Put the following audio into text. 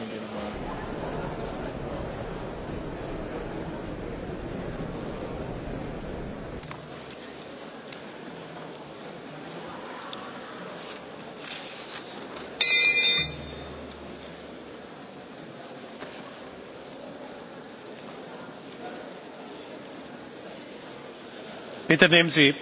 einigen Mal. Bitte nehmen Sie